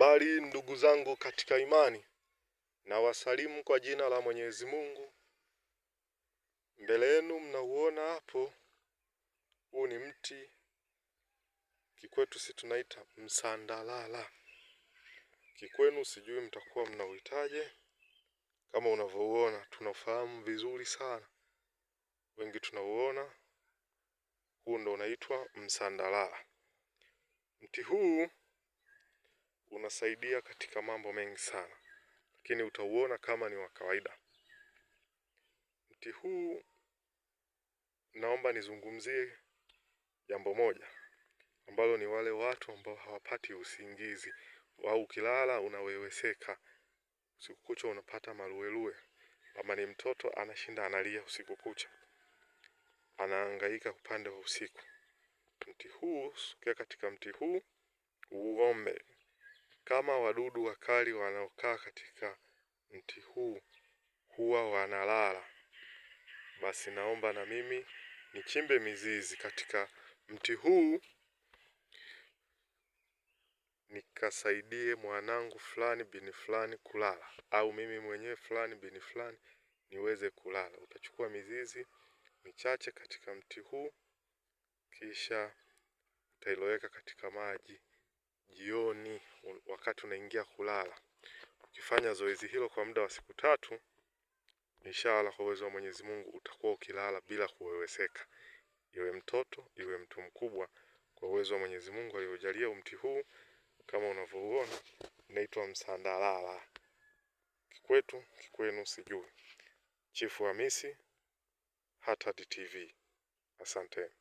Habari ndugu zangu katika imani, na wasalimu kwa jina la Mwenyezi Mungu. Mbele yenu mnauona hapo, huu ni mti kikwetu, si tunaita msandalala, kikwenu sijui mtakuwa mnauhitaje. Kama unavyouona tunafahamu vizuri sana, wengi tunauona, huu ndo unaitwa msandalala. Mti huu unasaidia katika mambo mengi sana, lakini utauona kama ni wa kawaida. Mti huu naomba nizungumzie jambo moja ambalo ni wale watu ambao hawapati usingizi au ukilala unaweweseka usiku kucha, unapata maluelue. ama ni mtoto anashinda analia usiku kucha, anaangaika upande wa usiku. Mti huu, sogea katika mti huu uombe. Kama wadudu wakali wanaokaa katika mti huu huwa wanalala, basi naomba na mimi nichimbe mizizi katika mti huu nikasaidie mwanangu fulani bini fulani kulala, au mimi mwenyewe fulani bini fulani niweze kulala. Utachukua mizizi michache katika mti huu, kisha utailoweka katika maji jioni wakati unaingia kulala. Ukifanya zoezi hilo kwa muda wa siku tatu, inshallah kwa uwezo wa Mwenyezi Mungu utakuwa ukilala bila kuweweseka, iwe mtoto iwe mtu mkubwa. Kwa uwezo wa Mwenyezi Mungu aliojalia umti huu kama unavyouona unaitwa msandalala, kikwetu kikwenu sijui. Chifu Hamisi, Hatad TV, asanteni.